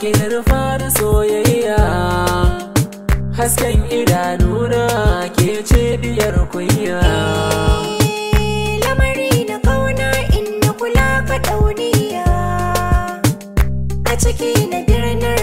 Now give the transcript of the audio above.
ki zurfa da soyayya hasken idanuna ke ce diyar kunya lamari na kauna in na kula ka a ciki na birnin